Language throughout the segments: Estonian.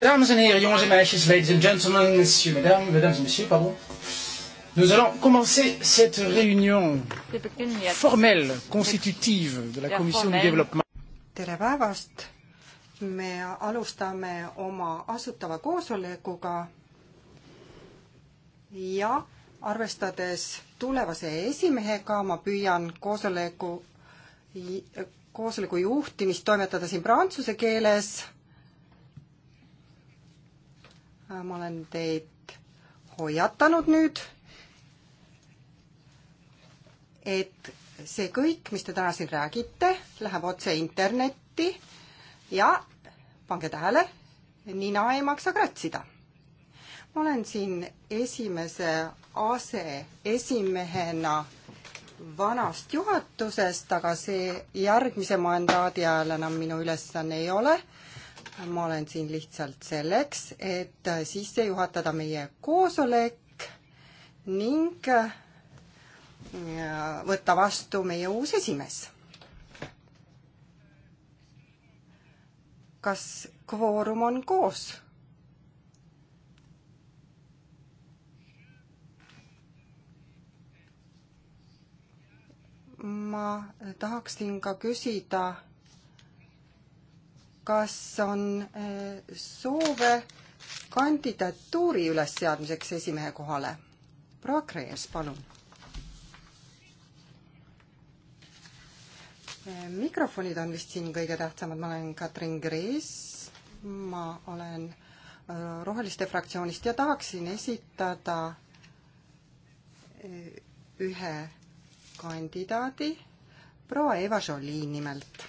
Dames en heren, jongens en meisjes, ladies and gentlemen, messieurs, mesdames, mesdames et messieurs, pardon. Nous allons commencer cette réunion formelle, constitutive de la Commission du développement. tere päevast! me alustame oma asutava koosolekuga ja arvestades tulevase esimehega, ma püüan koosoleku, koosoleku juhtimist toimetada siin prantsuse keeles Äh, ma olen teid hoiatanud nüüd, et see kõik, mis te täna siin räägite, läheb otse internetti ja pange tähele, nina ei maksa kratsida. ma olen siin esimese aseesimehena vanast juhatusest, aga see järgmise mandaadi ajal enam minu ülesanne ei ole ma olen siin lihtsalt selleks, et äh, sisse juhatada meie koosolek ning äh, võtta vastu meie uus esimees. kas kvoorum on koos? ma tahaksin ka küsida kas on eh, soove kandidatuuri ülesseadmiseks esimehe kohale? proua Krees, palun. Eh, mikrofonid on vist siin kõige tähtsamad, ma olen Katrin Krees, ma olen eh, Roheliste fraktsioonist ja tahaksin esitada ühe kandidaadi, proua Eva Jolie nimelt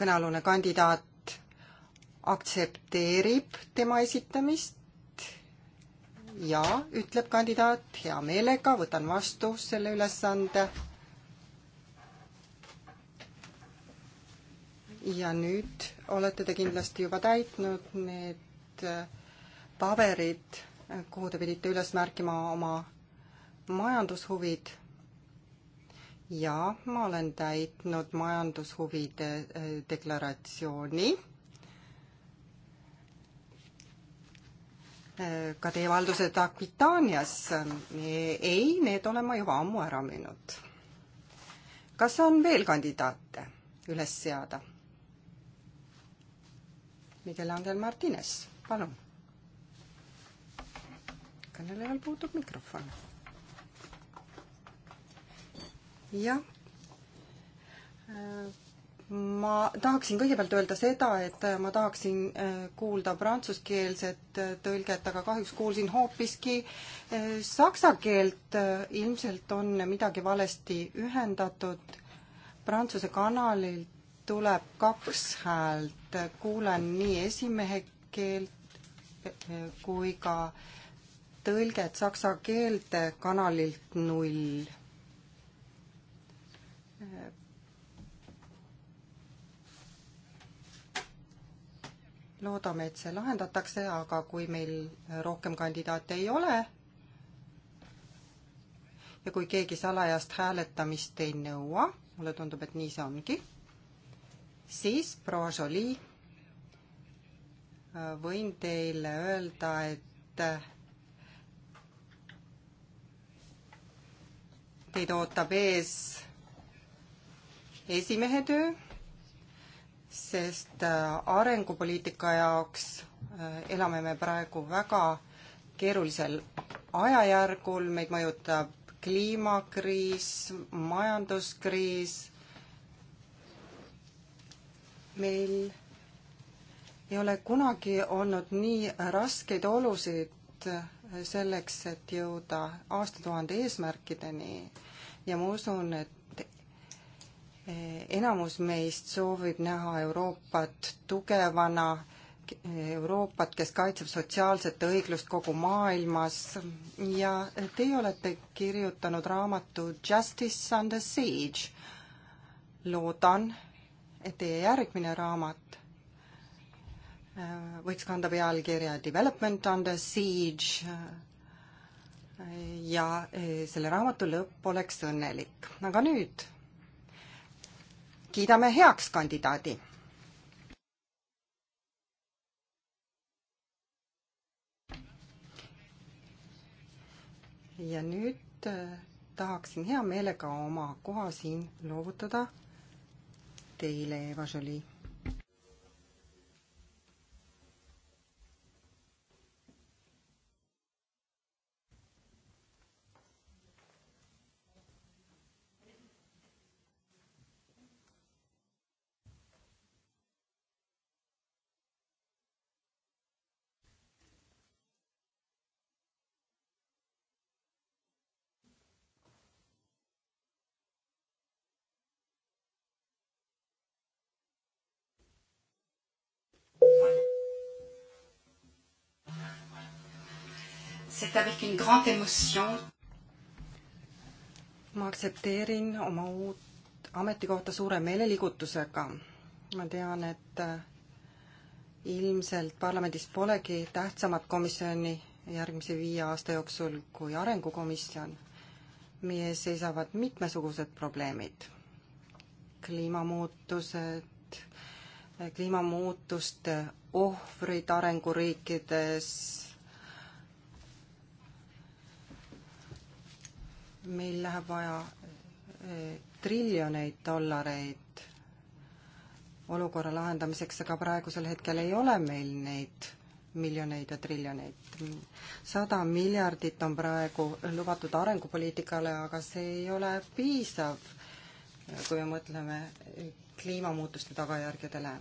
kõnealune kandidaat aktsepteerib tema esitamist ja ütleb kandidaat, hea meelega võtan vastu selle ülesande. ja nüüd olete te kindlasti juba täitnud need paberid, kuhu te pidite üles märkima oma majandushuvid ja ma olen täitnud majandushuvide äh, deklaratsiooni. Äh, ka teie valdused Aquitanias, äh, ei, need olen ma juba ammu ära müünud. kas on veel kandidaate üles seada? Miguel Angel Martines, palun. kõnelejal puudub mikrofon jah. ma tahaksin kõigepealt öelda seda, et ma tahaksin äh, kuulda prantsuskeelset äh, tõlget, aga kahjuks kuulsin hoopiski äh, saksa keelt. ilmselt on midagi valesti ühendatud. Prantsuse kanalilt tuleb kaks häält, kuulen nii esimehe keelt kui ka tõlget saksa keelde kanalilt null loodame, et see lahendatakse, aga kui meil rohkem kandidaate ei ole ja kui keegi salajast hääletamist ei nõua, mulle tundub, et nii see ongi, siis proua Jolie, võin teile öelda, et teid ootab ees esimehe töö sest äh, arengupoliitika jaoks äh, elame me praegu väga keerulisel ajajärgul, meid mõjutab kliimakriis, majanduskriis, meil ei ole kunagi olnud nii raskeid olusid äh, selleks, et jõuda aastatuhande eesmärkideni ja ma usun, et Eh, enamus meist soovib näha Euroopat tugevana, Euroopat, kes kaitseb sotsiaalset õiglust kogu maailmas ja teie olete kirjutanud raamatu Justice and the Siege. loodan, et teie järgmine raamat eh, võiks kanda pealkirja Development under siege eh, ja selle raamatu lõpp oleks õnnelik. aga nüüd kiidame heaks kandidaadi. ja nüüd äh, tahaksin hea meelega oma koha siin loovutada teile, Eva Jolie. C'est avec une grande émotion. ma aktsepteerin oma uut ametikohta suure meeleliigutusega. ma tean, et äh, ilmselt parlamendis polegi tähtsamat komisjoni järgmise viie aasta jooksul kui arengukomisjon. meie ees seisavad mitmesugused probleemid. kliimamuutused, kliimamuutuste ohvrid arenguriikides meil läheb vaja eh, triljoneid dollareid olukorra lahendamiseks, aga praegusel hetkel ei ole meil neid miljoneid ja triljoneid. sada miljardit on praegu lubatud arengupoliitikale, aga see ei ole piisav, kui me mõtleme kliimamuutuste tagajärgedele.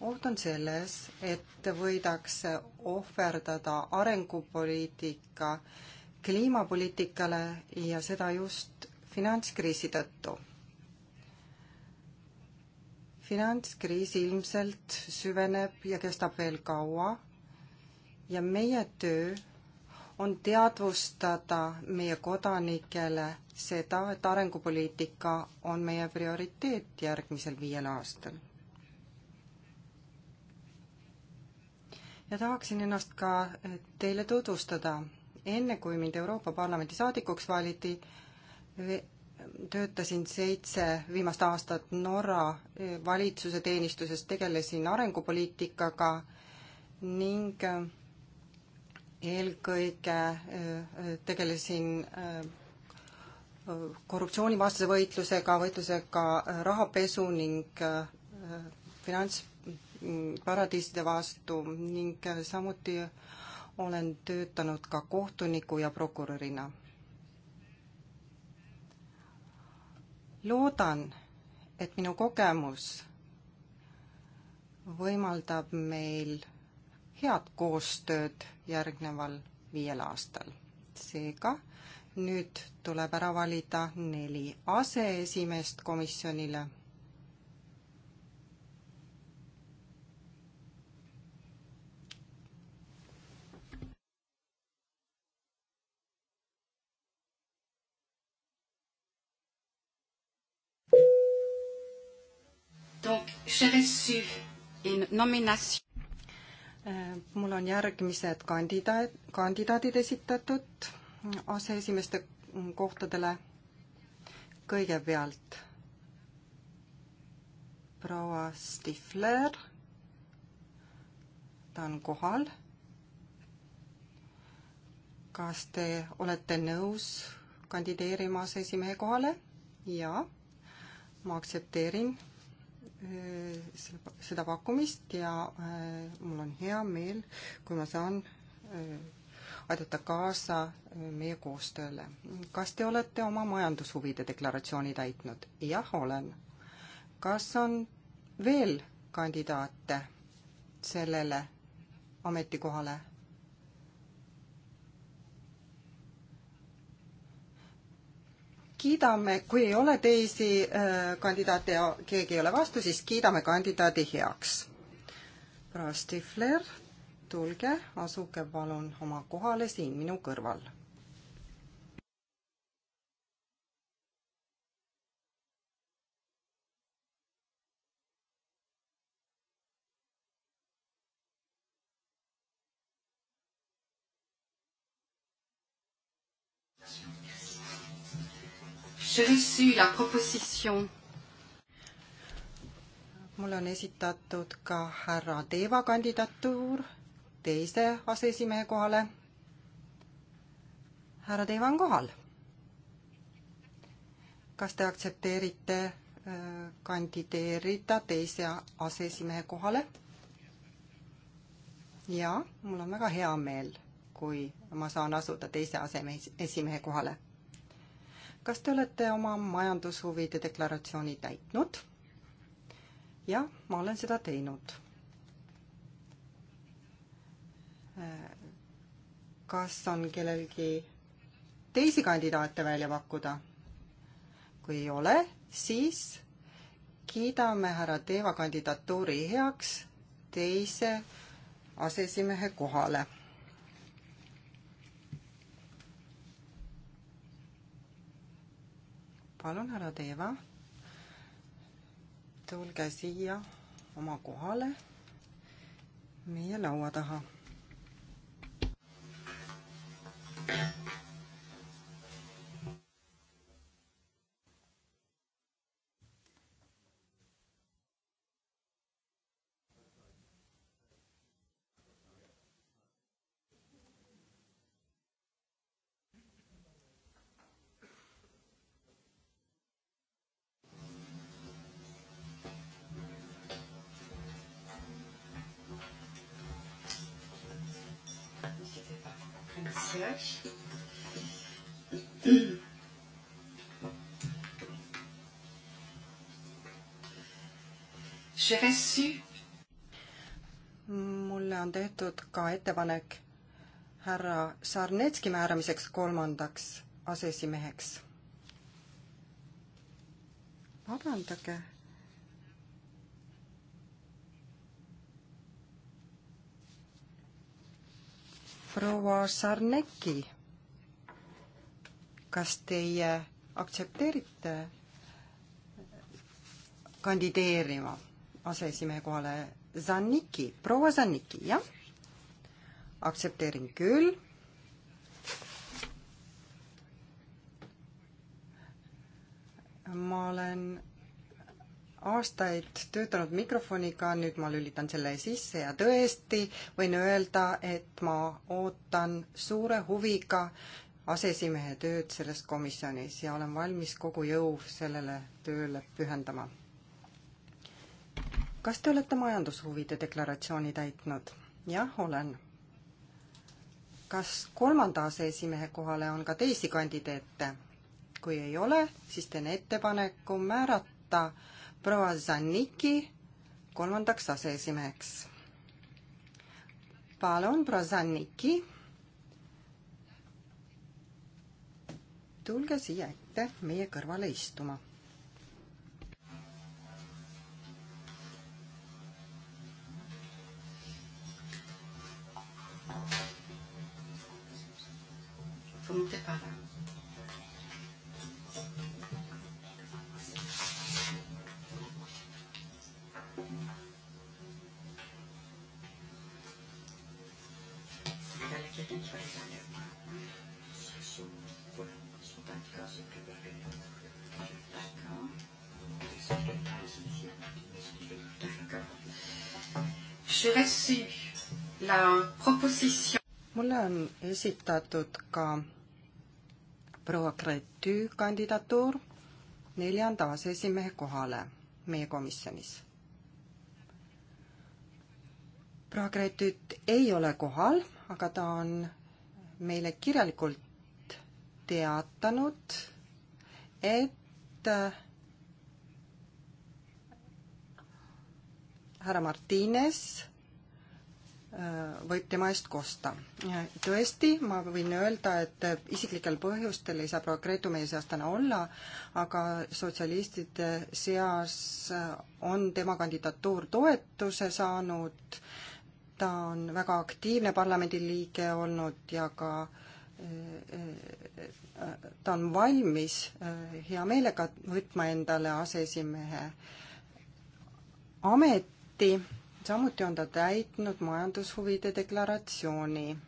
oht on selles, et võidakse ohverdada arengupoliitika äh, kliimapoliitikale ja seda just finantskriisi tõttu. finantskriis ilmselt süveneb ja kestab veel kaua ja meie töö on teadvustada meie kodanikele seda, et arengupoliitika on meie prioriteet järgmisel viiel aastal. ja tahaksin ennast ka teile tutvustada enne kui mind Euroopa Parlamendi saadikuks valiti, töötasin seitse viimast aastat Norra eh, valitsuse teenistuses, tegelesin arengupoliitikaga ning eh, eelkõige eh, tegelesin korruptsioonivastase võitlusega, võitlusega rahapesu ning finants paradiiside vastu ning samuti olen töötanud ka kohtuniku ja prokurörina. loodan, et minu kogemus võimaldab meil head koostööd järgneval viiel aastal. seega nüüd tuleb ära valida neli aseesimeest komisjonile j'ai reçu une nomination eh, mul on järgmised kandidaat, kandidaadid esitatud aseesimeeste kohtadele. kõigepealt proua Stifler, ta on kohal. kas te olete nõus kandideerima aseesimehe kohale? jaa, ma aktsepteerin Äh, seda pakkumist ja äh, mul on hea meel, kui ma saan äh, aidata kaasa meie koostööle. kas te olete oma majandushuvide deklaratsiooni täitnud? jah, olen. kas on veel kandidaate sellele ametikohale? kiidame, kui ei ole teisi äh, kandidaate ja keegi ei ole vastu, siis kiidame kandidaadi heaks. proua Stifler, tulge, asuge palun oma kohale siin minu kõrval j'ai reçu la proposition mul on esitatud ka härra Teeva kandidatuur teise aseesimehe kohale. härra Teeva on kohal. kas te aktsepteerite äh, kandideerida teise aseesimehe kohale? jaa, mul on väga hea meel, kui ma saan asuda teise aseesimehe kohale kas te olete oma majandushuvide deklaratsiooni täitnud? jah, ma olen seda teinud. Äh, kas on kellelgi teisi kandidaate välja pakkuda? kui ei ole, siis kiidame härra Teeva kandidatuuri heaks teise aseesimehe kohale palun, härra Teeva, tulge siia oma kohale meie laua taha. mulle on tehtud ka ettepanek härra Sarnetski määramiseks kolmandaks aseesimeheks. vabandage. proua Sarneki, kas teie aktsepteerite kandideerima? aseesimehe kohale Zanniki, proua Zanniki, jah. aktsepteerin küll. ma olen aastaid töötanud mikrofoniga, nüüd ma lülitan selle sisse ja tõesti võin öelda, et ma ootan suure huviga aseesimehe tööd selles komisjonis ja olen valmis kogu jõu sellele tööle pühendama kas te olete majandushuvide deklaratsiooni täitnud? jah, olen. kas kolmanda aseesimehe kohale on ka teisi kandidaate? kui ei ole, siis teen ettepaneku määrata proua Zanniki kolmandaks aseesimeheks. palun, proua Zanniki. tulge siia ette meie kõrvale istuma împotriva. mulle on esitatud ka proua Gretü kandidatuur neljanda aseesimehe kohale meie komisjonis. proua Gretüt ei ole kohal, aga ta on meile kirjalikult teatanud, et äh, härra Martines võib tema eest kosta. tõesti, ma võin öelda, et isiklikel põhjustel ei saa proua Gretu meie seas täna olla, aga sotsialistide seas on tema kandidatuur toetuse saanud, ta on väga aktiivne parlamendiliige olnud ja ka ta on valmis hea meelega võtma endale aseesimehe ameti samuti on ta täitnud majandushuvide deklaratsiooni.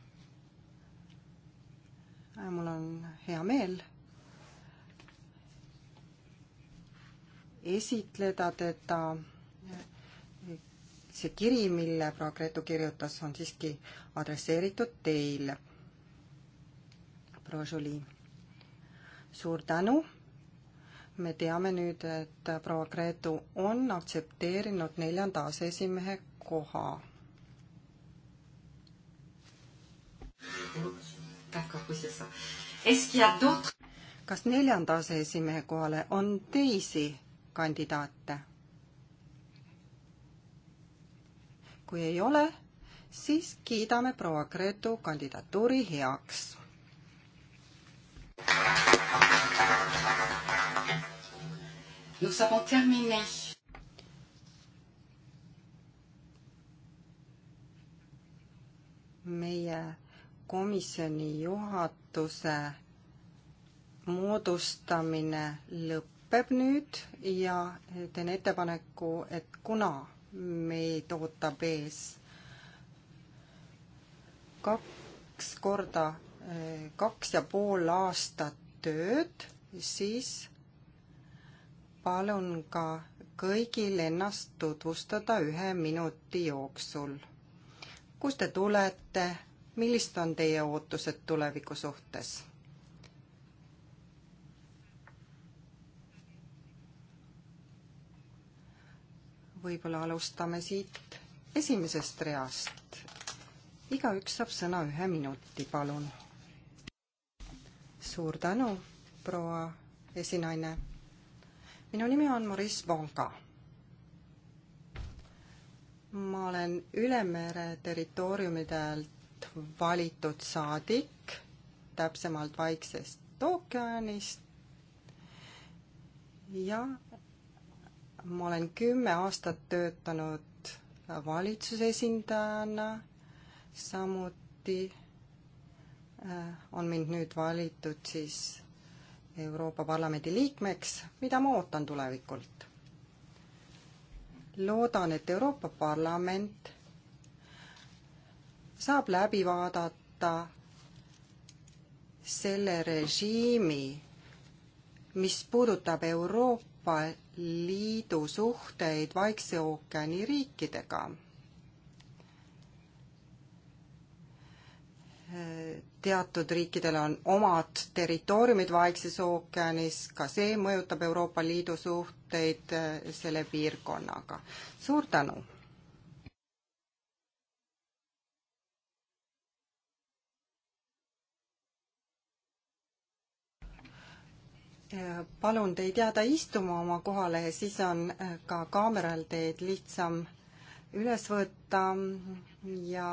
Äh, mul on hea meel esitleda teda. see kiri, mille Progreto kirjutas, on siiski adresseeritud teile. proua Jolie, suur tänu me teame nüüd, et proua Gretu on aktsepteerinud neljanda aseesimehe koha. kas neljanda aseesimehe kohale on teisi kandidaate? kui ei ole, siis kiidame proua Gretu kandidatuuri heaks. Nous avons terminé meie komisjoni juhatuse moodustamine lõpeb nüüd ja teen ettepaneku, et kuna meid ootab ees kaks korda kaks ja pool aastat tööd, siis palun ka kõigil ennast tutvustada ühe minuti jooksul kust te tulete, millised on teie ootused tuleviku suhtes? võib-olla alustame siit esimesest reast. igaüks saab sõna ühe minuti, palun. suur tänu, proua esinaine. minu nimi on Maris Vonka ma olen Ülemere territooriumidelt valitud saadik, täpsemalt Vaiksest ookeanist ja ma olen kümme aastat töötanud valitsuse esindajana, samuti äh, on mind nüüd valitud siis Euroopa Parlamendi liikmeks, mida ma ootan tulevikult? loodan, et Euroopa Parlament saab läbi vaadata selle režiimi, mis puudutab Euroopa Liidu suhteid Vaikse ookeani riikidega teatud riikidel on omad territooriumid Vaikses ookeanis, ka see mõjutab Euroopa Liidu suhteid eh, selle piirkonnaga. suur tänu! Eh, palun teid jääda istuma oma kohale, siis on eh, ka kaameral teid lihtsam üles võtta ja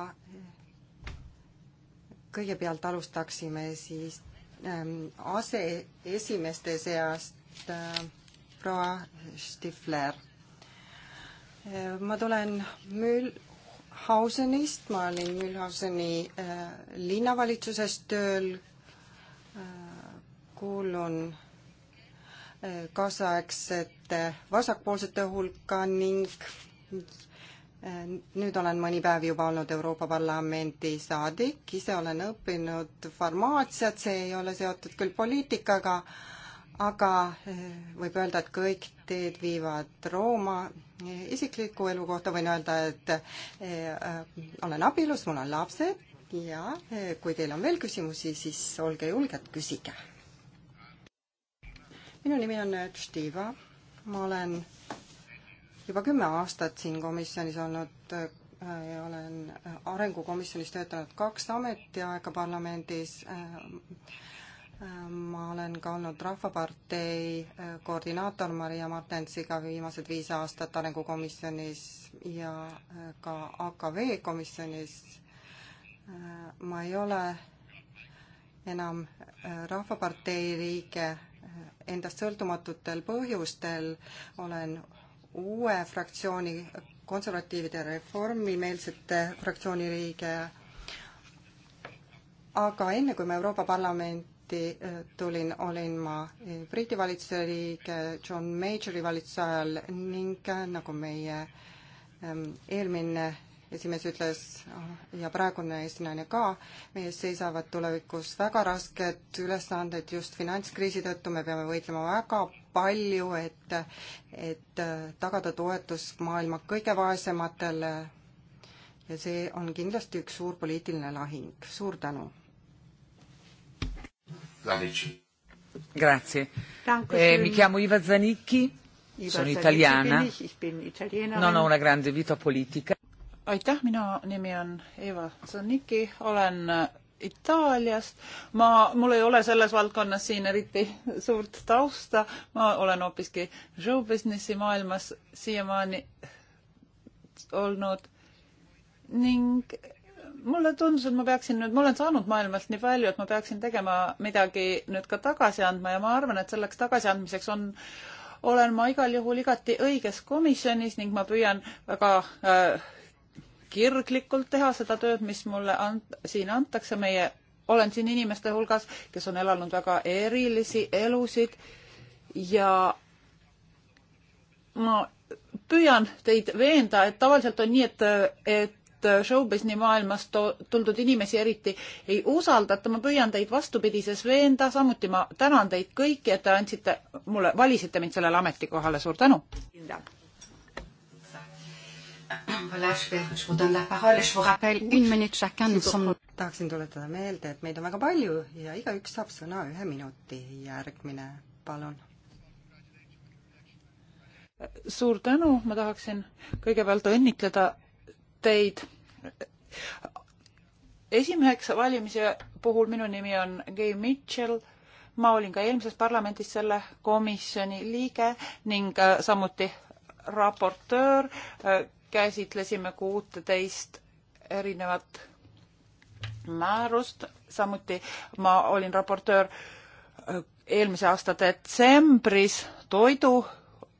kõigepealt alustaksime siis ähm, aseesimeeste seast äh, proua Stifler äh,. ma tulen Müül-, Hausenist, ma olin Mülhauseni äh, linnavalitsuses tööl äh,, kuulun äh, kaasaegsete vasakpoolsete hulka ning Äh, nüüd olen mõni päev juba olnud Euroopa Parlamendi saadik, ise olen õppinud farmaatsiat, see ei ole seotud küll poliitikaga, aga äh, võib öelda, et kõik teed viivad Rooma. Äh, isikliku elu kohta võin öelda, et olen abielus, mul on lapsed ja kui teil on veel küsimusi, siis olge julged, küsige. minu nimi on Stiva, ma olen juba kümme aastat siin komisjonis olnud, äh, olen arengukomisjonis töötanud kaks ametiaega parlamendis, äh, äh, ma olen ka olnud Rahvapartei koordinaator Maria Martensiga viimased viis aastat Arengukomisjonis ja ka AKV komisjonis. ma ei ole enam Rahvapartei liige endast sõltumatutel põhjustel, olen uue fraktsiooni, konservatiivide reformimeelsete fraktsiooni liige. aga enne, kui ma Euroopa Parlamenti äh, tulin, olin ma äh, Briti valitsuse liige John Majori valitsuse ajal ning äh, nagu meie ähm, eelmine esimees ütles ah, ja praegune eestlane ka, meie ees seisavad tulevikus väga rasked ülesanded just finantskriisi tõttu, me peame võitlema väga palju, et, et äh, tagada toetus maailma kõige vaesematele ja see on kindlasti üks suur poliitiline lahing, suur tänu! Grazie. Eh, mi chiamo Iva Zanicchi, sono italiana, non ho una grande vita politica aitäh, minu nimi on Eva Sonniki, olen Itaaliast. ma, mul ei ole selles valdkonnas siin eriti suurt tausta, ma olen hoopiski show business'i maailmas siiamaani olnud ning mulle tundus, et ma peaksin nüüd, ma olen saanud maailmast nii palju, et ma peaksin tegema midagi nüüd ka tagasi andma ja ma arvan, et selleks tagasiandmiseks on, olen ma igal juhul igati õiges komisjonis ning ma püüan väga äh, kirglikult teha seda tööd, mis mulle ant-, siin antakse, meie, olen siin inimeste hulgas, kes on elanud väga erilisi elusid ja ma püüan teid veenda, et tavaliselt on nii, et, et showbizni maailmas to-, tuldud inimesi eriti ei usaldata, ma püüan teid vastupidises veenda, samuti ma tänan teid kõiki, et te andsite mulle, valisite mind sellele ametikohale, suur tänu! tahaksin tuletada meelde, et meid on väga palju ja igaüks saab sõna ühe minuti. järgmine, palun. suur tänu, ma tahaksin kõigepealt õnnitleda teid. esimeheks valimise puhul minu nimi on Gay Mitchell ma olin ka eelmises parlamendis selle komisjoni liige ning äh, samuti raportöör äh, käsitlesime kuuteist erinevat määrust, samuti ma olin raportöör äh, eelmise aasta detsembris toidu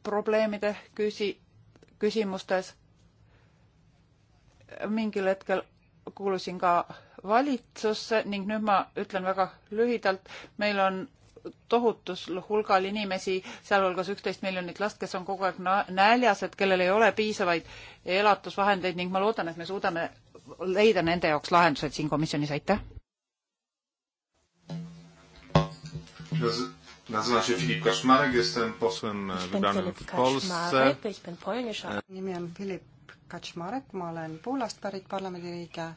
probleemide küsi-, küsimustes. mingil hetkel kuulusin ka valitsusse ning nüüd ma ütlen väga lühidalt, meil on tohutus hulgal inimesi, sealhulgas üksteist miljonit last, kes on kogu aeg näljas, et kellel ei ole piisavaid elatusvahendeid ning ma loodan, et me suudame leida nende jaoks lahendused siin komisjonis, aitäh. Nazywam się Filip Kaszmarek, jestem posłem wybranym w Polsce. nimi on Filip Kaczmarek, ma olen Poolast pärit parlamendiliige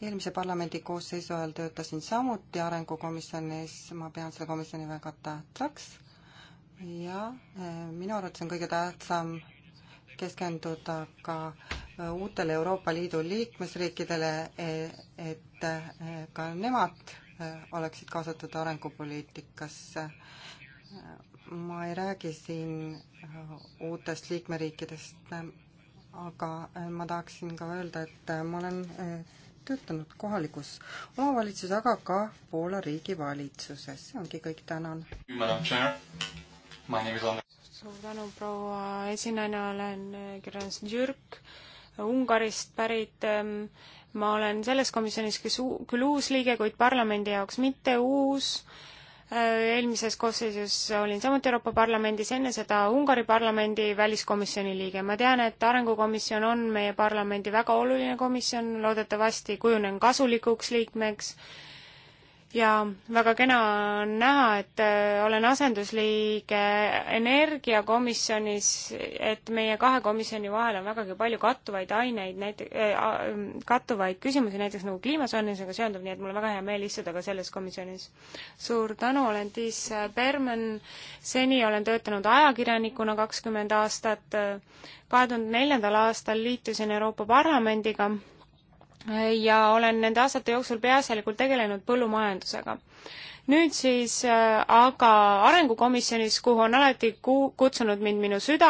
eelmise parlamendi koosseisu ajal töötasin samuti arengukomisjonis, ma pean selle komisjoni väga tähtsaks ja eh, minu arvates on kõige tähtsam keskenduda ka eh, uutele Euroopa Liidu liikmesriikidele, eh, et ka nemad oleksid kaasatud arengupoliitikasse. ma ei räägi siin uutest liikmeriikidest, aga ma tahaksin ka öelda, et ma olen töötanud kohalikus omavalitsuses, aga ka Poola riigivalitsuses. see ongi kõik, tänan. suur tänu, proua esinaine, olen Kirjas Jürk, Ungarist pärit. ma olen selles komisjonis küll uus liige, kuid parlamendi jaoks mitte uus Äh, eelmises koosseisus olin samuti Euroopa Parlamendis, enne seda Ungari parlamendi väliskomisjoni liige. ma tean, et Arengukomisjon on meie parlamendi väga oluline komisjon, loodetavasti kujunen kasulikuks liikmeks ja väga kena on näha, et äh, olen asendusliige energiakomisjonis, et meie kahe komisjoni vahel on vägagi palju kattuvaid aineid, näite- äh,, ähm, kattuvaid küsimusi, näiteks nagu kliimasoojenemisega seonduv, nii et mul on väga hea meel istuda ka selles komisjonis. suur tänu, olen Tiis äh, Berman, seni olen töötanud ajakirjanikuna kakskümmend aastat, kahe tuhande neljandal aastal liitusin Euroopa Parlamendiga ja olen nende aastate jooksul peaasjalikult tegelenud põllumajandusega. nüüd siis äh, aga Arengukomisjonis, kuhu on alati ku-, kutsunud mind minu süda,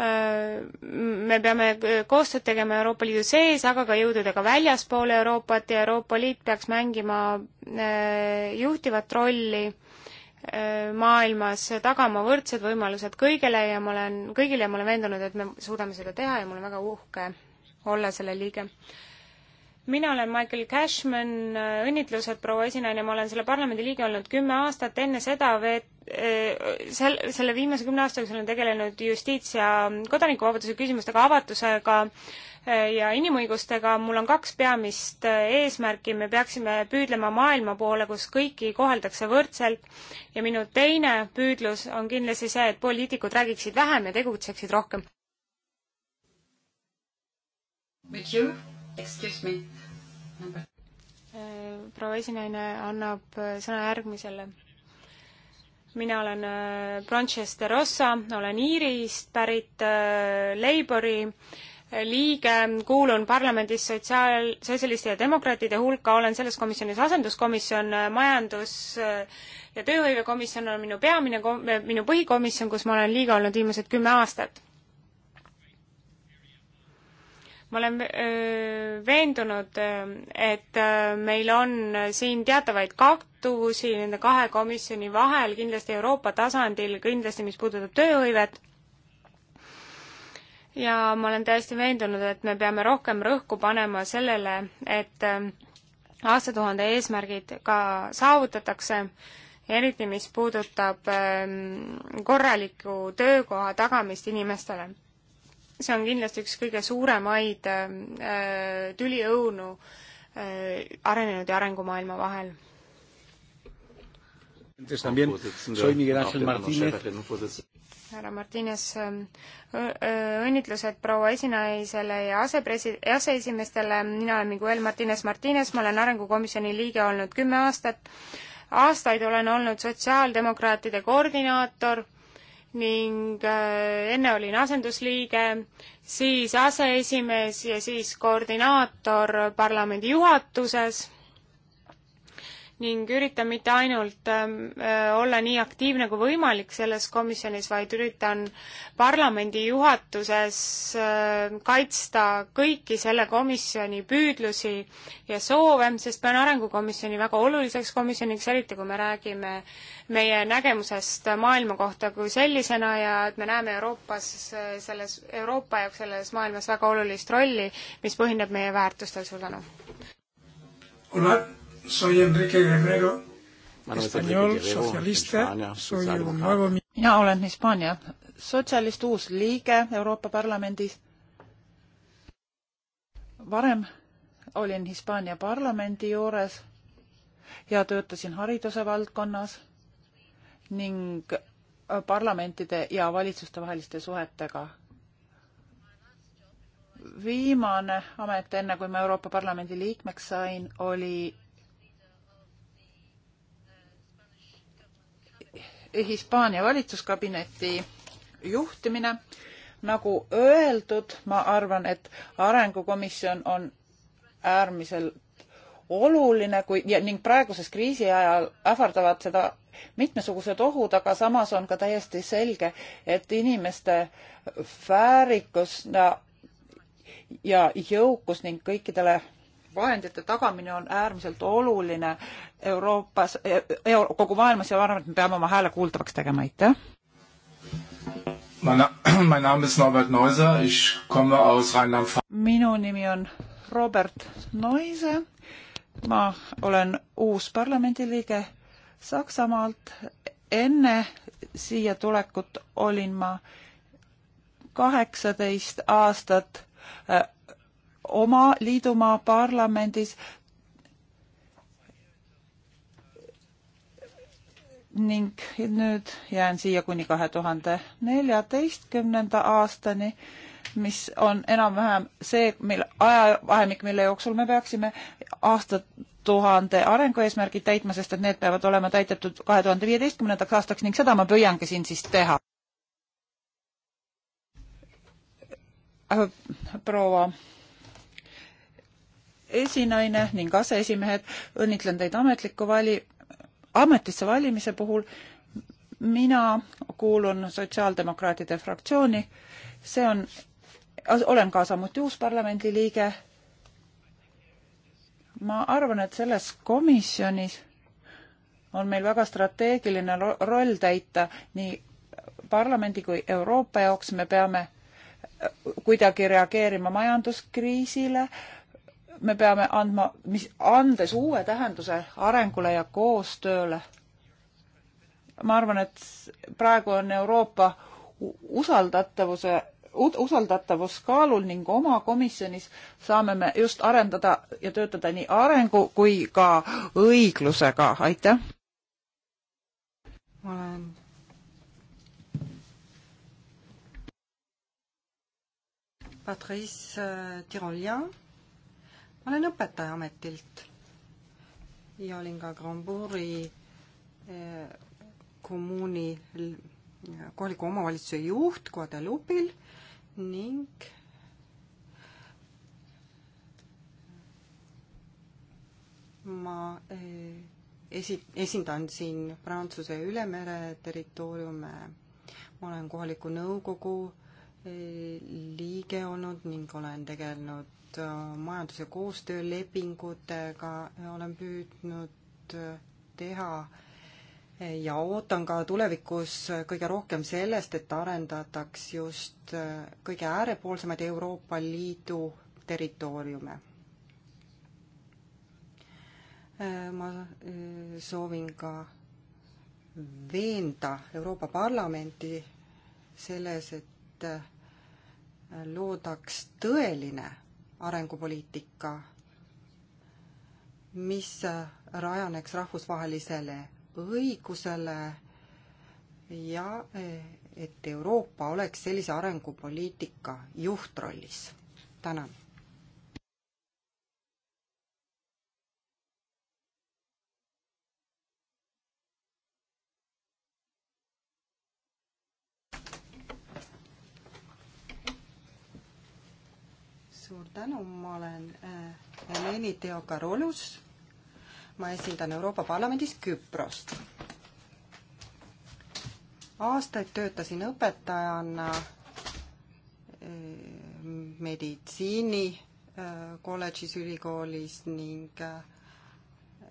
äh, me peame äh, koostööd tegema Euroopa Liidu sees, aga ka jõududega väljaspool Euroopat ja Euroopa Liit peaks mängima juhtivat rolli maailmas, tagama võrdsed võimalused kõigele ja ma olen, kõigile ja ma olen veendunud, et me suudame seda teha ja ma olen väga uhke olla selle liige mina olen Michael Cashman, äh, õnnitlused, proua esinaine, ma olen selle parlamendi liige olnud kümme aastat, enne seda veet-, äh, sel-, selle viimase kümne aasta jooksul olen tegelenud justiits- ja kodanikuvabaduse küsimustega, avatusega äh, ja inimõigustega, mul on kaks peamist eesmärki, me peaksime püüdlema maailma poole, kus kõiki koheldakse võrdselt ja minu teine püüdlus on kindlasti see, et poliitikud räägiksid vähem ja tegutseksid rohkem. Monsieur, excuse me proua esinaine annab sõna järgmisele. mina olen äh, Branchester Rossa, olen Iirist pärit äh, Labouri äh, liige, kuulun parlamendis sotsiaal, sotsialistide ja demokraatide hulka, olen selles komisjonis asenduskomisjon, majandus- ja tööhõivekomisjon on minu peamine, minu põhikomisjon, kus ma olen liige olnud viimased kümme aastat ma olen veendunud, et meil on siin teatavaid kaktuvusi nende kahe komisjoni vahel, kindlasti Euroopa tasandil, kindlasti mis puudutab tööhõivet, ja ma olen täiesti veendunud, et me peame rohkem rõhku panema sellele, et aastatuhande eesmärgid ka saavutatakse, eriti mis puudutab korraliku töökoha tagamist inimestele see on kindlasti üks kõige suuremaid äh, tüliõunu äh, arenenud ja arengumaailma vahel. härra Martines, ähm, õnnitlused proua esinaisele ja asepresi-, aseesimeestele, mina olen Miguel Martines Martines, ma olen Arengukomisjoni liige olnud kümme aastat, aastaid olen olnud sotsiaaldemokraatide koordinaator ning äh, enne olin asendusliige, siis aseesimees ja siis koordinaator parlamendi juhatuses ning üritan mitte ainult ähm, äh, olla nii aktiivne kui võimalik selles komisjonis, vaid üritan parlamendi juhatuses äh, kaitsta kõiki selle komisjoni püüdlusi ja soove, sest pean Arengukomisjoni väga oluliseks komisjoniks, eriti kui me räägime meie nägemusest maailma kohta kui sellisena ja et me näeme Euroopas äh, selles, Euroopa jaoks selles maailmas väga olulist rolli, mis põhineb meie väärtustel. suur tänu! Soy Enrique Guerrero, español, socialista, soy un nuevo... mina olen Hispaania sotsialist uus liige Euroopa Parlamendis. varem olin Hispaania parlamendi juures ja töötasin hariduse valdkonnas ning parlamentide ja valitsuste vaheliste suhetega. viimane amet, enne kui ma Euroopa Parlamendi liikmeks sain, oli Hispaania valitsuskabineti juhtimine. nagu öeldud, ma arvan, et arengukomisjon on äärmiselt oluline, kui ja ning praeguses kriisi ajal ähvardavad seda mitmesugused ohud, aga samas on ka täiesti selge, et inimeste väärikus ja, ja jõukus ning kõikidele vahendite tagamine on äärmiselt oluline Euroopas Euro,, e, kogu maailmas ja ma arvan, et me peame oma hääle kuuldavaks tegema, aitäh. minu nimi on Robert Noise, ma olen uus parlamendiliige Saksamaalt. enne siia tulekut olin ma kaheksateist aastat äh, oma liidumaa parlamendis ning nüüd jään siia kuni kahe tuhande neljateistkümnenda aastani, mis on enam-vähem see, mil ajavahemik, mille jooksul me peaksime aastatuhande arengueesmärgid täitma, sest et need peavad olema täidetud kahe tuhande viieteistkümnendaks aastaks ning seda ma püüangi siin siis teha. Äh, proua esinaine ning aseesimehed, õnnitlen teid ametliku vali, ametisse valimise puhul. mina kuulun Sotsiaaldemokraatide fraktsiooni, see on, olen ka samuti uus parlamendiliige. ma arvan, et selles komisjonis on meil väga strateegiline roll täita nii parlamendi kui Euroopa jaoks, me peame kuidagi reageerima majanduskriisile äh,, me peame andma, mis, andes uue tähenduse arengule ja koostööle. ma arvan, et praegu on Euroopa usaldatavuse, usaldatavus kaalul ning oma komisjonis saame me just arendada ja töötada nii arengu kui ka õiglusega, aitäh! ma olen Patrice äh, Tirolien ma olen õpetaja ametilt ja olin ka Gramburi eh, kommuuni kohaliku omavalitsuse juht Guadeloupil ning ma eh, esi-, esindan siin Prantsuse ülemere territooriume, ma olen kohaliku nõukogu eh, liige olnud ning olen tegelenud Äh, majandus- ja koostöölepingutega olen püüdnud äh, teha ja ootan ka tulevikus kõige rohkem sellest, et arendataks just äh, kõige äärepoolsemaid Euroopa Liidu territooriume. ma soovin ka veenda Euroopa Parlamenti selles, et loodaks tõeline arengupoliitika, mis rajaneks rahvusvahelisele õigusele ja et Euroopa oleks sellise arengupoliitika juhtrollis. tänan suur tänu, ma olen äh, Heleni Teokarolus. ma esindan Euroopa Parlamendis Küprost. aastaid töötasin õpetajana äh, meditsiini äh, kolledžis, ülikoolis ning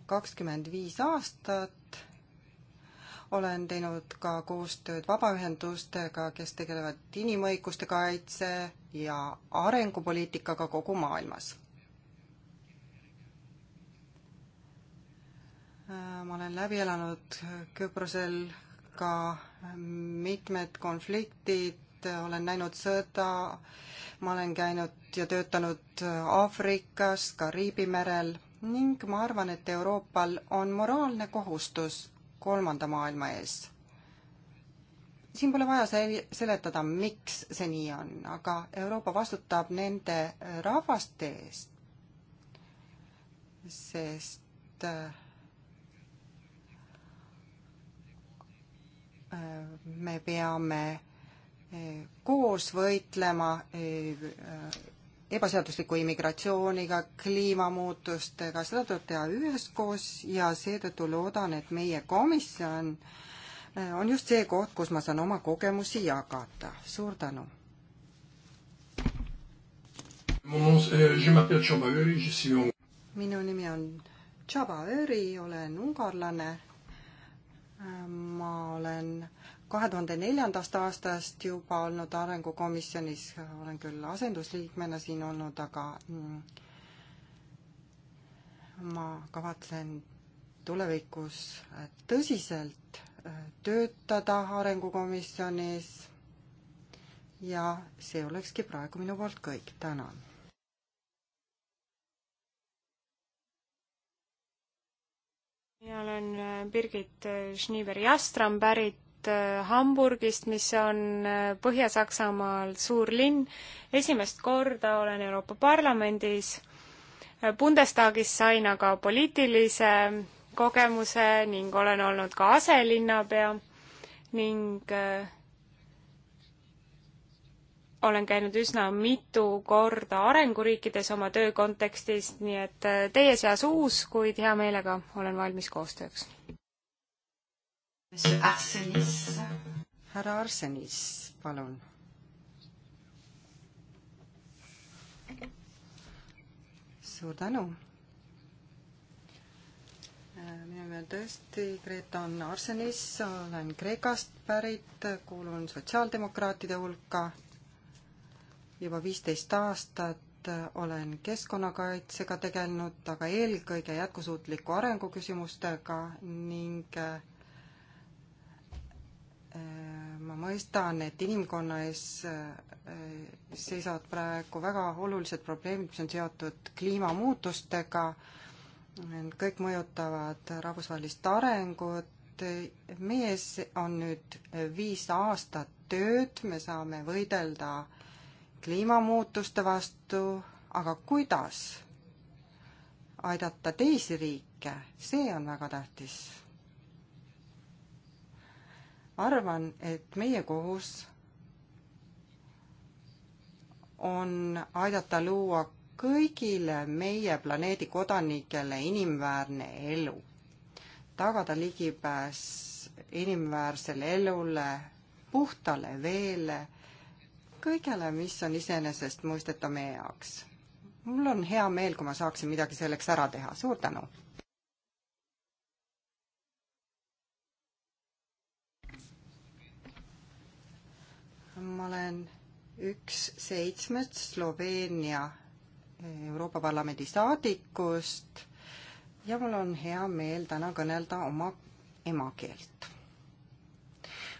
kakskümmend viis aastat olen teinud ka koostööd vabaühendustega, kes tegelevad inimõiguste kaitse ja arengupoliitikaga kogu maailmas. ma olen läbi elanud Küprosel ka mitmed konfliktid, olen näinud sõda, ma olen käinud ja töötanud Aafrikas, Kariibi merel ning ma arvan, et Euroopal on moraalne kohustus kolmanda maailma ees. siin pole vaja sel-, seletada, miks see nii on, aga Euroopa vastutab nende äh, rahvaste eest, sest äh, äh, me peame koos võitlema ebaseadusliku immigratsiooniga, kliimamuutustega, seda tuleb teha üheskoos ja seetõttu loodan, et meie komisjon eh, on just see koht, kus ma saan oma kogemusi jagada. suur tänu! minu nimi on Tšaba Öri, olen ungarlane. ma olen kahe tuhande neljandast aastast juba olnud Arengukomisjonis, olen küll asendusliikmena siin olnud, aga mm, ma kavatsen tulevikus äh, tõsiselt äh, töötada Arengukomisjonis ja see olekski praegu minu poolt kõik, tänan. mina olen äh, Birgit Schneeberi-Jastram pärit pärit äh, Hamburgist, mis on äh, Põhja-Saksamaal suur linn. esimest korda olen Euroopa Parlamendis. Äh, Bundestagis sain aga poliitilise kogemuse ning olen olnud ka aselinnapea ning olen käinud üsna mitu korda arenguriikides oma töö kontekstis, nii et teie seas uus, kuid hea meelega olen valmis koostööks härra Arsenis, palun. suur tänu. Äh, minu nimi on tõesti Gretan Arsenis, olen Kreekast pärit, kuulun sotsiaaldemokraatide hulka. juba viisteist aastat äh, olen keskkonnakaitsega tegelenud, aga eelkõige jätkusuutliku arengu küsimustega ning äh, mõistan, et inimkonna ees äh, seisavad praegu väga olulised probleemid, mis on seotud kliimamuutustega, need kõik mõjutavad rahvusvahelist arengut, meie ees on nüüd viis aastat tööd, me saame võidelda kliimamuutuste vastu, aga kuidas aidata teisi riike, see on väga tähtis arvan, et meie kohus on aidata luua kõigile meie planeedi kodanikele inimväärne elu, tagada ligipääs inimväärsele elule, puhtale veele, kõigele, mis on iseenesestmõistetav meie jaoks. mul on hea meel, kui ma saaksin midagi selleks ära teha, suur tänu! ma olen üks seitsmest Sloveenia eh, Euroopa Parlamendi saadikust ja mul on hea meel täna kõnelda oma emakeelt.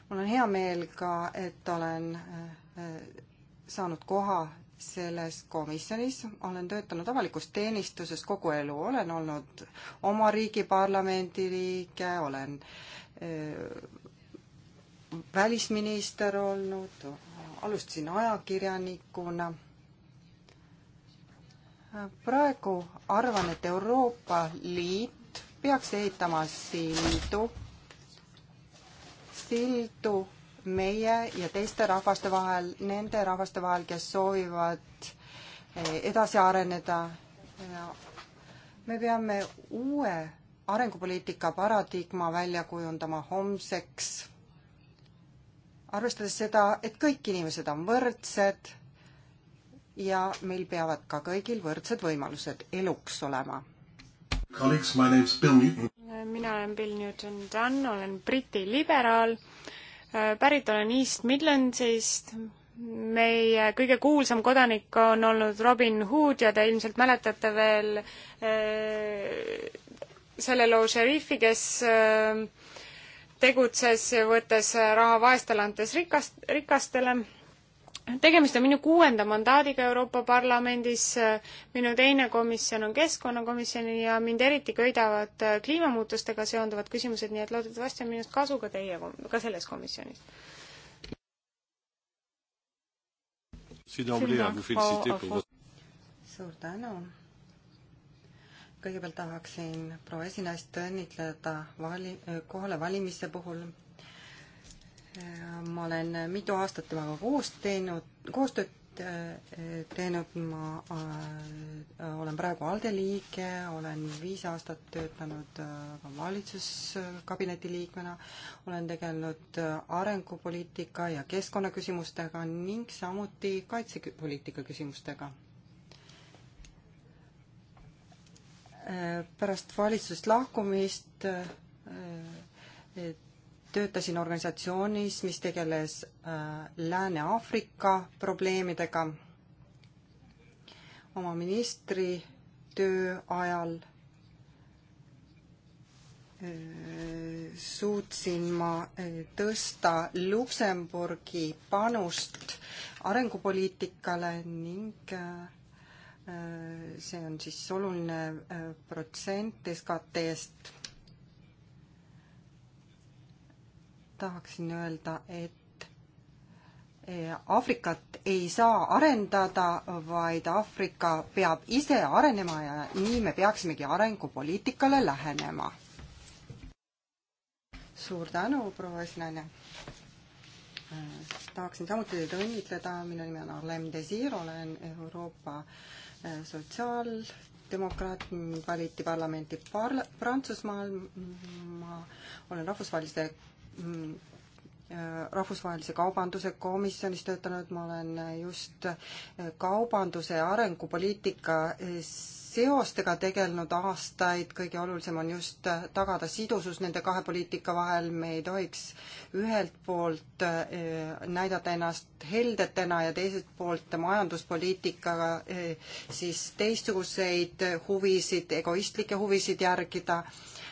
mul on hea meel ka, et olen eh, eh, saanud koha selles komisjonis, olen töötanud avalikus teenistuses kogu elu, olen olnud oma riigi parlamendi liige, olen öö, välisminister olnud, alustasin ajakirjanikuna. praegu arvan, et Euroopa Liit peaks ehitama sildu, sildu meie ja teiste rahvaste vahel, nende rahvaste vahel, kes soovivad eh, edasi areneda. me peame uue arengupoliitika paradigma välja kujundama homseks arvestades seda, et kõik inimesed on võrdsed ja meil peavad ka kõigil võrdsed võimalused eluks olema. mina olen Bill Newton Dunn, olen Briti liberaal, äh, pärit olen East Midlandsist, meie kõige kuulsam kodanik on olnud Robin Hood ja te ilmselt mäletate veel äh, selle loo šerifi, kes äh, tegutses, võttes raha vaestele, andes rikast, rikastele. tegemist on minu kuuenda mandaadiga Euroopa Parlamendis, minu teine komisjon on Keskkonnakomisjoni ja mind eriti köidavad kliimamuutustega seonduvad küsimused, nii et loodetavasti on minust kasu ka teie, ka selles komisjonis. suur tänu kõigepealt tahaksin proua esinaist õnnitleda vali, kohale valimiste puhul. ma olen mitu aastat temaga koos teinud, koostööd eh, teinud, ma eh, olen praegu ALDE liige, olen viis aastat töötanud eh, ka valitsuskabineti liikmena, olen tegelenud arengupoliitika ja keskkonnaküsimustega ning samuti kaitsepoliitika küsimustega pärast valitsusest lahkumist äh, äh, töötasin organisatsioonis, mis tegeles äh, Lääne-Aafrika probleemidega. oma ministri töö ajal suutsin ma tõsta Luksemburgi panust arengupoliitikale ning äh, Äh, see on siis oluline äh, protsent SKT-st. tahaksin öelda, et äh, Aafrikat ei saa arendada, vaid Aafrika peab ise arenema ja nii me peaksimegi arengupoliitikale lähenema. suur tänu, proua Esnaine! tahaksin samuti teid õnnitleda, minu nimi on Arlem Desir, olen Euroopa äh, sotsiaaldemokraat, mind valiti parlamenti parla-, Prantsusmaal, ma olen rahvusvahelise mm, äh, rahvusvahelise kaubanduse komisjonis töötanud, ma olen just äh, kaubanduse arengupoliitika seostega tegelenud aastaid, kõige olulisem on just tagada sidusus nende kahe poliitika vahel, me ei tohiks ühelt poolt eh, näidata ennast heldetena ja teiselt poolt majanduspoliitikaga eh, siis teistsuguseid huvisid, egoistlikke huvisid järgida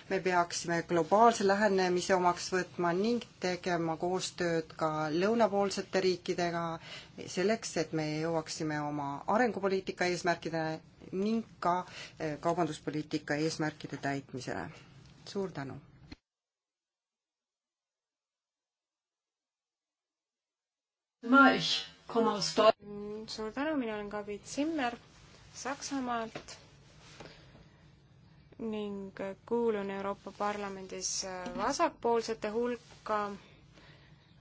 me peaksime globaalse lähenemise omaks võtma ning tegema koostööd ka lõunapoolsete riikidega selleks, et me jõuaksime oma arengupoliitika eesmärkidele ning ka eh, kaubanduspoliitika eesmärkide täitmisele. suur tänu! Mm, suur tänu, mina olen Gabi Zimmer Saksamaalt ning eh, kuulun Euroopa Parlamendis eh, vasakpoolsete hulka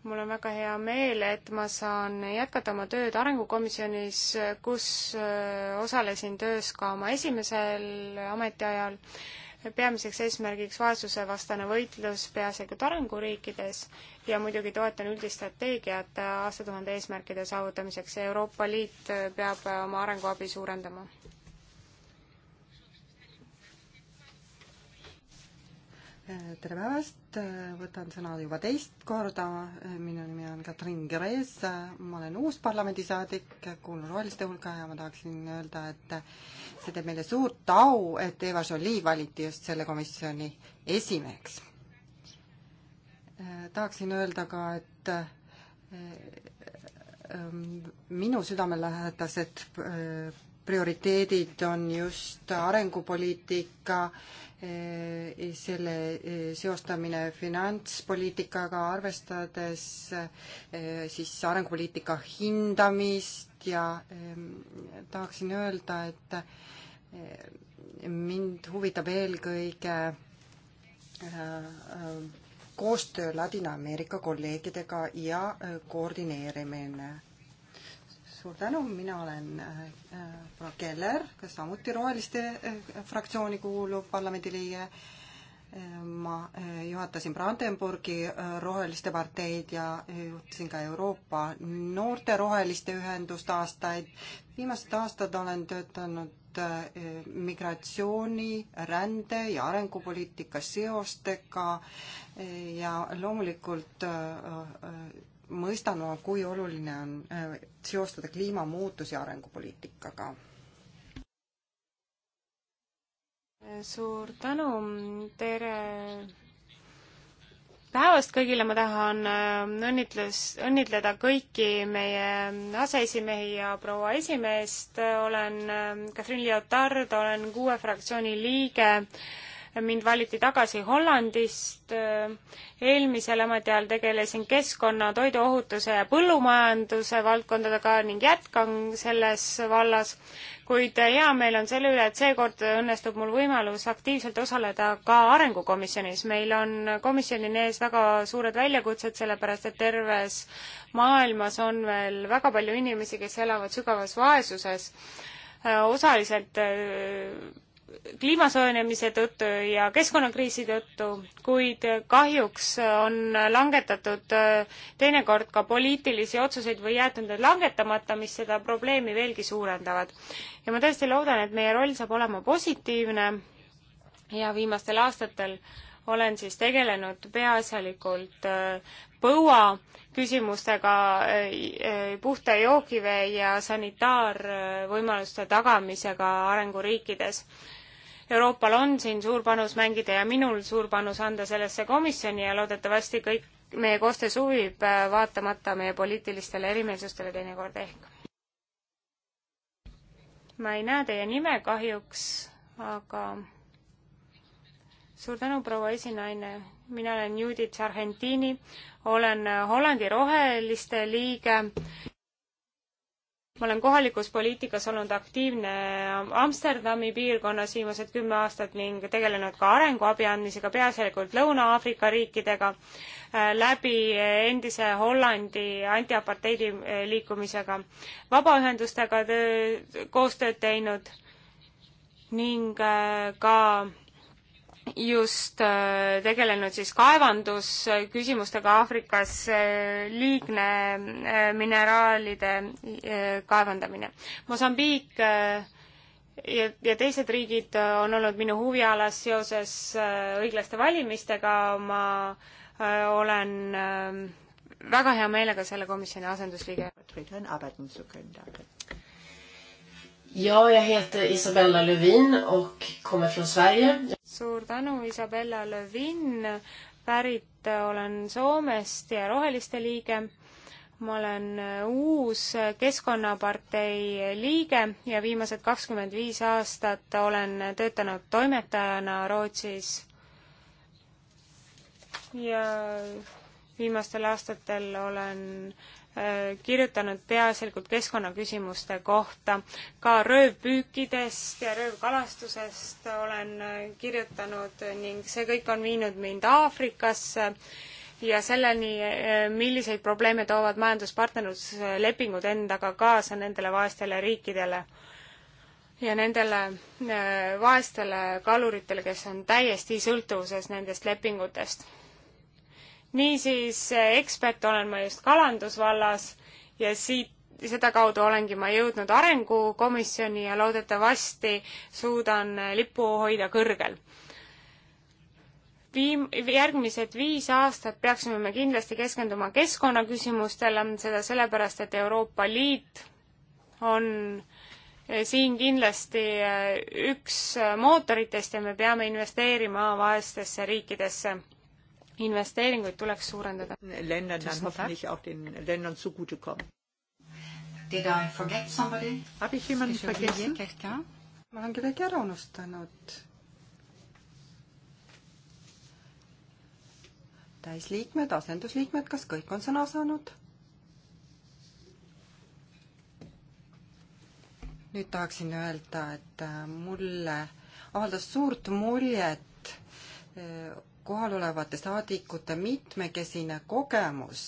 mul on väga hea meel, et ma saan jätkata oma tööd Arengukomisjonis, kus äh, osalesin töös ka oma esimesel ametiajal. peamiseks eesmärgiks vaesusevastane võitlus peaasjalikult arenguriikides ja muidugi toetan üldist strateegiat aastatuhande eesmärkide saavutamiseks ja Euroopa Liit äh, peab oma arenguabi suurendama. Eh, tere päevast, eh, võtan sõna juba teist korda, eh, minu nimi on Katrin Gerees, ma olen uus parlamendisaadik, kuulun roheliste hulka ja ma tahaksin öelda, et see teeb meile suurt au, et Eva Jolie valiti just selle komisjoni esimeheks. tahaksin öelda ka, et minu südamelähedased prioriteedid on just arengupoliitika, Eh, selle eh, seostamine finantspoliitikaga, arvestades eh, siis arengupoliitika hindamist ja tahaksin öelda, et mind huvitab eelkõige koostöö Ladina-Ameerika kolleegidega ja koordineerimine suur tänu, mina olen äh, proua äh, Keller, kes samuti Roheliste äh, fraktsiooni kuuluv parlamendiliige äh,. ma äh, juhatasin Brandenburgi äh, Roheliste parteid ja juhtisin ka Euroopa Noorte Roheliste Ühendust aastaid. viimased aastad olen töötanud migratsiooni, rände ja arengupoliitika seostega ja loomulikult mõistan ma, kui oluline on äh, seostada kliimamuutusi arengupoliitikaga. suur tänu, tere päevast kõigile, ma tahan äh, õnnitles, õnnitleda kõiki meie aseesimehi ja proua esimeest, olen Katrin äh, Leotard, olen kuue fraktsiooni liige mind valiti tagasi Hollandist. eelmisel ametiajal tegelesin keskkonna, toiduohutuse ja põllumajanduse valdkondadega ning jätkan selles vallas, kuid hea meel on selle üle, et seekord õnnestub mul võimalus aktiivselt osaleda ka Arengukomisjonis. meil on komisjonini ees väga suured väljakutsed, sellepärast et terves maailmas on veel väga palju inimesi, kes elavad sügavas vaesuses osaliselt kliima soojenemise tõttu ja keskkonnakriisi tõttu, kuid kahjuks on langetatud äh, teinekord ka poliitilisi otsuseid või jäetud need langetamata, mis seda probleemi veelgi suurendavad. ja ma tõesti loodan, et meie roll saab olema positiivne ja viimastel aastatel olen siis tegelenud peaasjalikult äh, põua küsimustega, äh, äh, puhta joogivee ja sanitaarvõimaluste tagamisega arenguriikides. Euroopal on siin suur panus mängida ja minul suur panus anda sellesse komisjoni ja loodetavasti kõik meie koostöö suvib, vaatamata meie poliitilistele erimeelsustele teinekord ehk. ma ei näe teie nime kahjuks, aga suur tänu, proua esinaine. mina olen Judith Sargentini, olen Hollandi Roheliste liige. ma olen kohalikus poliitikas olnud aktiivne Amsterdami piirkonnas viimased kümme aastat ning tegelenud ka arenguabi andmisega, peaasjalikult Lõuna-Aafrika riikidega, äh, läbi endise Hollandi antiaparteidi äh, liikumisega, vabaühendustega töö, koostööd teinud ning äh, ka just äh, tegelenud siis kaevandusküsimustega Aafrikas, äh, liigne äh, mineraalide kaevandamine. Mosambiik ja, ja teised riigid on olnud minu huvialas seoses õiglaste valimistega, ma olen väga hea meelega selle komisjoni asendusliige. Ja, jag heter Isabella Lövin och kommer från Sverige. Suur tänu, Isabella Lövin. Pärit olen Soomest ja Roheliste liige. Ma olen uus Keskkonnapartei liige ja viimased 25 aastat olen töötanud toimetajana Rootsis. Ja viimastel aastatel olen äh, kirjutanud peaasjalikult keskkonnaküsimuste kohta. ka röövpüükidest ja röövkalastusest olen äh, kirjutanud ning see kõik on viinud mind Aafrikasse ja selleni, äh, milliseid probleeme toovad majanduspartnerluslepingud endaga kaasa nendele vaestele riikidele ja nendele äh, vaestele kaluritele, kes on täiesti sõltuvuses nendest lepingutest niisiis, ekspert olen ma just kalandusvallas ja siit, sedakaudu olengi ma jõudnud Arengukomisjoni ja loodetavasti suudan lipu hoida kõrgel. Viim-, järgmised viis aastat peaksime me kindlasti keskenduma keskkonnaküsimustele, seda sellepärast, et Euroopa Liit on eh, siin kindlasti eh, üks mootoritest ja me peame investeerima vaestesse riikidesse investeeringuid tuleks suurendada. Habe ich jemanden vergessen? ma olen kedagi ära unustanud. täisliikmed, asendusliikmed, kas kõik on sõna saanud? nüüd tahaksin öelda, et äh, mulle avaldas suurt muljet äh, kohalolevate saadikute mitmekesine kogemus.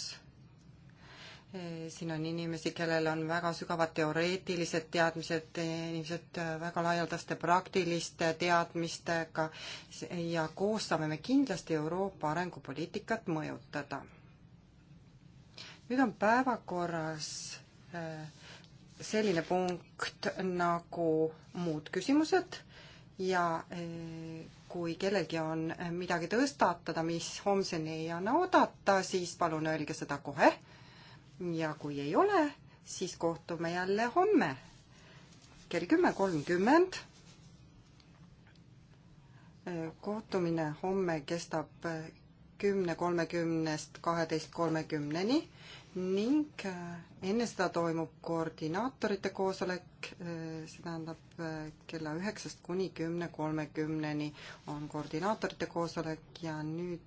E, siin on inimesi, kellel on väga sügavad teoreetilised teadmised, e, inimesed e, väga laialdaste praktiliste teadmistega ja koos saame me kindlasti Euroopa arengupoliitikat mõjutada. nüüd on päevakorras selline punkt nagu muud küsimused ja kui kellelgi on eh, midagi tõstatada, mis homseni ei anna oodata, siis palun öelge seda kohe. ja kui ei ole, siis kohtume jälle homme kell kümme kolmkümmend. Eh, kohtumine homme kestab eh, kümne kolmekümnest kaheteist kolmekümneni ning äh, enne seda toimub koordinaatorite koosolek, äh, see tähendab äh, kella üheksast kuni kümne kolmekümneni on koordinaatorite koosolek ja nüüd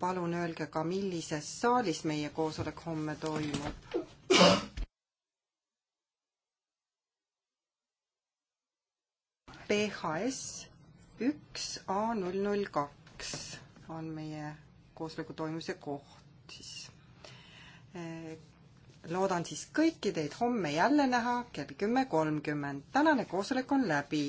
palun öelge ka, millises saalis meie koosolek homme toimub. PHS üks A null null kaks on meie koosoleku toimumise koht siis Äh, loodan siis kõiki teid homme jälle näha kell kümme kolmkümmend. tänane koosolek on läbi